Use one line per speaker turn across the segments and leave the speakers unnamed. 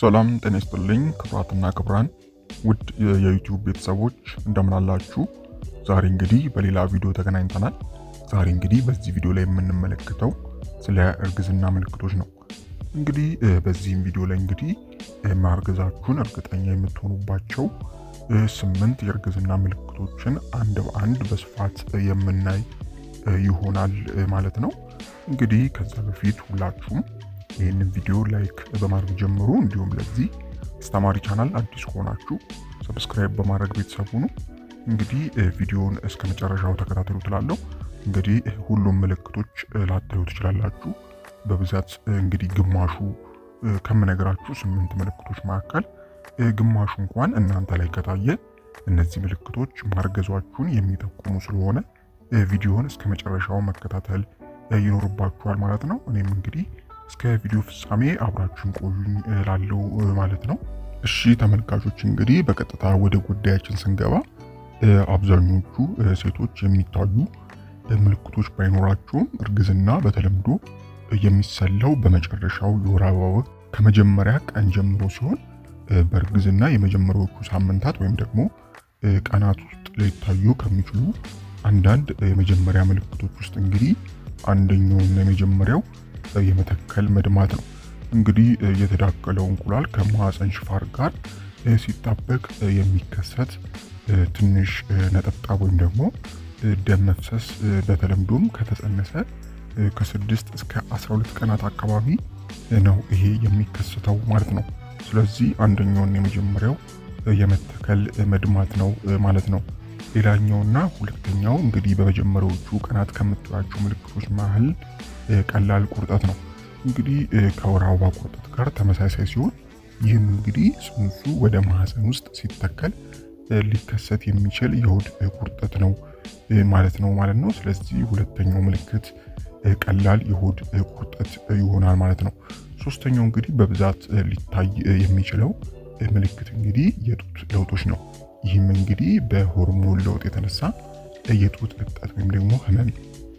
ሰላም ጤና ይስጥልኝ ክብራትና ክብራን ውድ የዩቲዩብ ቤተሰቦች እንደምናላችሁ ዛሬ እንግዲህ በሌላ ቪዲዮ ተገናኝተናል። ዛሬ እንግዲህ በዚህ ቪዲዮ ላይ የምንመለከተው ስለ እርግዝና ምልክቶች ነው። እንግዲህ በዚህም ቪዲዮ ላይ እንግዲህ ማርገዛችሁን እርግጠኛ የምትሆኑባቸው ስምንት የእርግዝና ምልክቶችን አንድ በአንድ በስፋት የምናይ ይሆናል ማለት ነው። እንግዲህ ከዛ በፊት ሁላችሁም ይህንን ቪዲዮ ላይክ በማድረግ ጀምሩ። እንዲሁም ለዚህ አስተማሪ ቻናል አዲስ ከሆናችሁ ሰብስክራይብ በማድረግ ቤተሰብ ሁኑ። እንግዲህ ቪዲዮውን እስከ መጨረሻው ተከታተሉ ትላለሁ። እንግዲህ ሁሉም ምልክቶች ላታዩ ትችላላችሁ። በብዛት እንግዲህ ግማሹ ከምነግራችሁ ስምንት ምልክቶች መካከል ግማሹ እንኳን እናንተ ላይ ከታየ እነዚህ ምልክቶች ማርገዟችሁን የሚጠቁሙ ስለሆነ ቪዲዮውን እስከ መጨረሻው መከታተል ይኖርባችኋል ማለት ነው። እኔም እንግዲህ እስከ ቪዲዮ ፍጻሜ አብራችን ቆዩኝ እላለሁ ማለት ነው። እሺ ተመልካቾች እንግዲህ በቀጥታ ወደ ጉዳያችን ስንገባ አብዛኞቹ ሴቶች የሚታዩ ምልክቶች ባይኖራቸውም እርግዝና በተለምዶ የሚሰላው በመጨረሻው የወር አበባ ወቅት ከመጀመሪያ ቀን ጀምሮ ሲሆን በእርግዝና የመጀመሪያዎቹ ሳምንታት ወይም ደግሞ ቀናት ውስጥ ሊታዩ ከሚችሉ አንዳንድ የመጀመሪያ ምልክቶች ውስጥ እንግዲህ አንደኛውና የመጀመሪያው የመተከል መድማት ነው። እንግዲህ የተዳቀለው እንቁላል ከማህፀን ሽፋር ጋር ሲጣበቅ የሚከሰት ትንሽ ነጠብጣብ ወይም ደግሞ ደም መፍሰስ በተለምዶም ከተጸነሰ ከስድስት እስከ 12 ቀናት አካባቢ ነው ይሄ የሚከሰተው ማለት ነው። ስለዚህ አንደኛውን የመጀመሪያው የመተከል መድማት ነው ማለት ነው። ሌላኛውና ሁለተኛው እንግዲህ በመጀመሪያዎቹ ቀናት ከምትሏቸው ምልክቶች መሀል ቀላል ቁርጠት ነው። እንግዲህ ከወር አበባ ቁርጠት ጋር ተመሳሳይ ሲሆን ይህም እንግዲህ ጽንሱ ወደ ማህፀን ውስጥ ሲተከል ሊከሰት የሚችል የሆድ ቁርጠት ነው ማለት ነው ማለት ነው። ስለዚህ ሁለተኛው ምልክት ቀላል የሆድ ቁርጠት ይሆናል ማለት ነው። ሶስተኛው እንግዲህ በብዛት ሊታይ የሚችለው ምልክት እንግዲህ የጡት ለውጦች ነው። ይህም እንግዲህ በሆርሞን ለውጥ የተነሳ የጡት እብጠት ወይም ደግሞ ህመም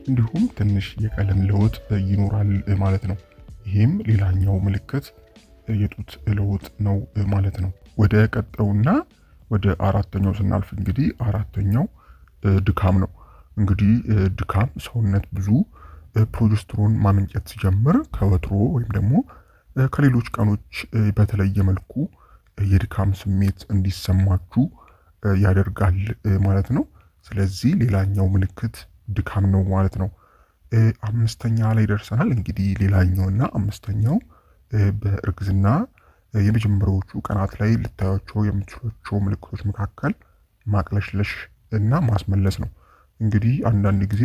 እንዲሁም ትንሽ የቀለም ለውጥ ይኖራል ማለት ነው። ይህም ሌላኛው ምልክት የጡት ለውጥ ነው ማለት ነው። ወደ ቀጠውና ወደ አራተኛው ስናልፍ እንግዲህ አራተኛው ድካም ነው። እንግዲህ ድካም ሰውነት ብዙ ፕሮጀስትሮን ማመንጨት ሲጀምር ከወትሮ ወይም ደግሞ ከሌሎች ቀኖች በተለየ መልኩ የድካም ስሜት እንዲሰማችሁ ያደርጋል ማለት ነው። ስለዚህ ሌላኛው ምልክት ድካም ነው ማለት ነው። አምስተኛ ላይ ደርሰናል። እንግዲህ ሌላኛውና አምስተኛው በእርግዝና የመጀመሪያዎቹ ቀናት ላይ ልታያቸው የምትችሏቸው ምልክቶች መካከል ማቅለሽለሽ እና ማስመለስ ነው። እንግዲህ አንዳንድ ጊዜ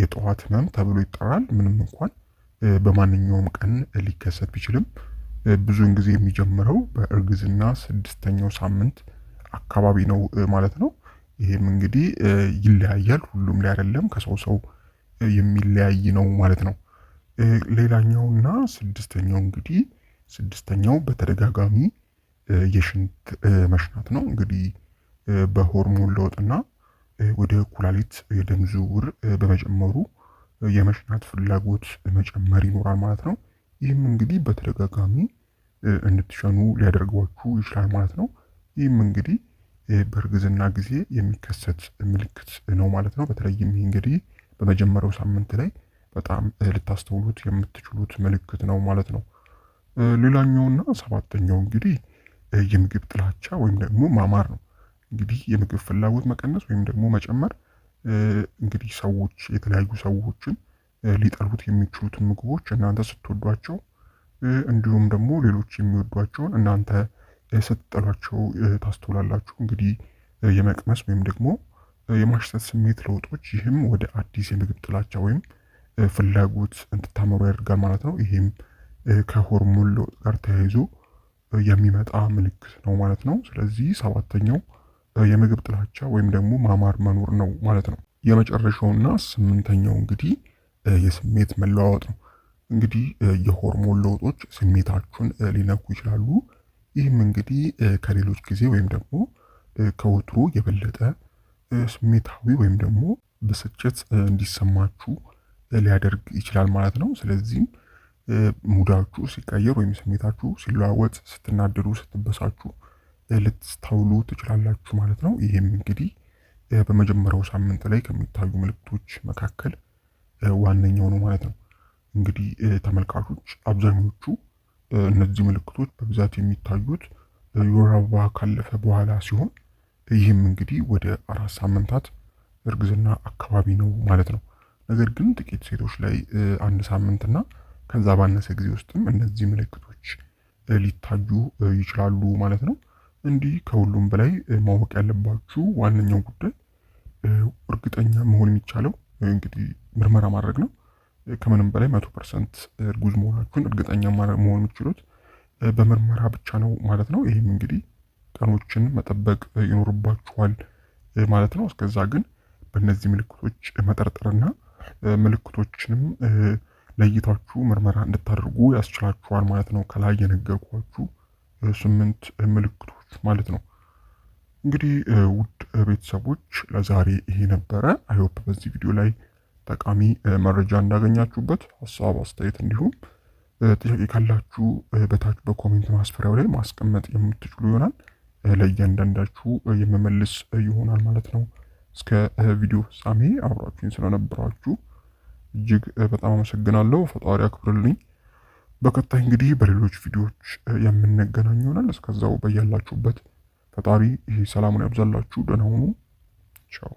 የጠዋት ህመም ተብሎ ይጠራል። ምንም እንኳን በማንኛውም ቀን ሊከሰት ቢችልም ብዙውን ጊዜ የሚጀምረው በእርግዝና ስድስተኛው ሳምንት አካባቢ ነው ማለት ነው። ይሄም እንግዲህ ይለያያል። ሁሉም ላይ አይደለም፣ ከሰው ሰው የሚለያይ ነው ማለት ነው። ሌላኛውና ስድስተኛው እንግዲህ ስድስተኛው በተደጋጋሚ የሽንት መሽናት ነው። እንግዲህ በሆርሞን ለውጥና ወደ ኩላሊት የደም ዝውውር በመጨመሩ የመሽናት ፍላጎት መጨመር ይኖራል ማለት ነው። ይህም እንግዲህ በተደጋጋሚ እንድትሸኑ ሊያደርጓችሁ ይችላል ማለት ነው። ይህም እንግዲህ በእርግዝና ጊዜ የሚከሰት ምልክት ነው ማለት ነው። በተለይም ይህ እንግዲህ በመጀመሪያው ሳምንት ላይ በጣም ልታስተውሉት የምትችሉት ምልክት ነው ማለት ነው። ሌላኛውና ሰባተኛው እንግዲህ የምግብ ጥላቻ ወይም ደግሞ ማማር ነው። እንግዲህ የምግብ ፍላጎት መቀነስ ወይም ደግሞ መጨመር እንግዲህ ሰዎች የተለያዩ ሰዎችን ሊጠሉት የሚችሉትን ምግቦች እናንተ ስትወዷቸው እንዲሁም ደግሞ ሌሎች የሚወዷቸውን እናንተ ሰጠናቸው ታስተውላላችሁ። እንግዲህ የመቅመስ ወይም ደግሞ የማሽተት ስሜት ለውጦች፣ ይህም ወደ አዲስ የምግብ ጥላቻ ወይም ፍላጎት እንድታመሩ ያደርጋል ማለት ነው። ይህም ከሆርሞን ለውጥ ጋር ተያይዞ የሚመጣ ምልክት ነው ማለት ነው። ስለዚህ ሰባተኛው የምግብ ጥላቻ ወይም ደግሞ ማማር መኖር ነው ማለት ነው። የመጨረሻውና ስምንተኛው እንግዲህ የስሜት መለዋወጥ ነው። እንግዲህ የሆርሞን ለውጦች ስሜታችሁን ሊነኩ ይችላሉ። ይህም እንግዲህ ከሌሎች ጊዜ ወይም ደግሞ ከወትሮ የበለጠ ስሜታዊ ወይም ደግሞ ብስጭት እንዲሰማችሁ ሊያደርግ ይችላል ማለት ነው። ስለዚህም ሙዳችሁ ሲቀየር ወይም ስሜታችሁ ሲለዋወጥ፣ ስትናደዱ፣ ስትበሳችሁ ልትስተውሉ ትችላላችሁ ማለት ነው። ይህም እንግዲህ በመጀመሪያው ሳምንት ላይ ከሚታዩ ምልክቶች መካከል ዋነኛው ነው ማለት ነው። እንግዲህ ተመልካቾች አብዛኞቹ እነዚህ ምልክቶች በብዛት የሚታዩት የወር አበባ ካለፈ በኋላ ሲሆን ይህም እንግዲህ ወደ አራት ሳምንታት እርግዝና አካባቢ ነው ማለት ነው። ነገር ግን ጥቂት ሴቶች ላይ አንድ ሳምንትና ከዛ ባነሰ ጊዜ ውስጥም እነዚህ ምልክቶች ሊታዩ ይችላሉ ማለት ነው። እንዲህ ከሁሉም በላይ ማወቅ ያለባችሁ ዋነኛው ጉዳይ እርግጠኛ መሆን የሚቻለው እንግዲህ ምርመራ ማድረግ ነው። ከምንም በላይ መቶ ፐርሰንት እርጉዝ መሆናችሁን እርግጠኛ መሆን የምትችሉት በምርመራ ብቻ ነው ማለት ነው። ይህም እንግዲህ ቀኖችን መጠበቅ ይኖርባችኋል ማለት ነው። እስከዛ ግን በእነዚህ ምልክቶች መጠርጠርና ምልክቶችንም ለይታችሁ ምርመራ እንድታደርጉ ያስችላችኋል ማለት ነው። ከላይ የነገርኳችሁ ስምንት ምልክቶች ማለት ነው። እንግዲህ ውድ ቤተሰቦች ለዛሬ ይሄ ነበረ። አይሆፕ በዚህ ቪዲዮ ላይ ጠቃሚ መረጃ እንዳገኛችሁበት ሀሳብ አስተያየት፣ እንዲሁም ጥያቄ ካላችሁ በታች በኮሜንት ማስፈሪያው ላይ ማስቀመጥ የምትችሉ ይሆናል። ለእያንዳንዳችሁ የመመልስ ይሆናል ማለት ነው። እስከ ቪዲዮ ፍጻሜ አብራችሁን ስለነበራችሁ እጅግ በጣም አመሰግናለሁ። ፈጣሪ አክብርልኝ። በቀጣይ እንግዲህ በሌሎች ቪዲዮዎች የምንገናኝ ይሆናል። እስከዛው በያላችሁበት ፈጣሪ ሰላሙን ያብዛላችሁ። ደህና ሁኑ። ቻው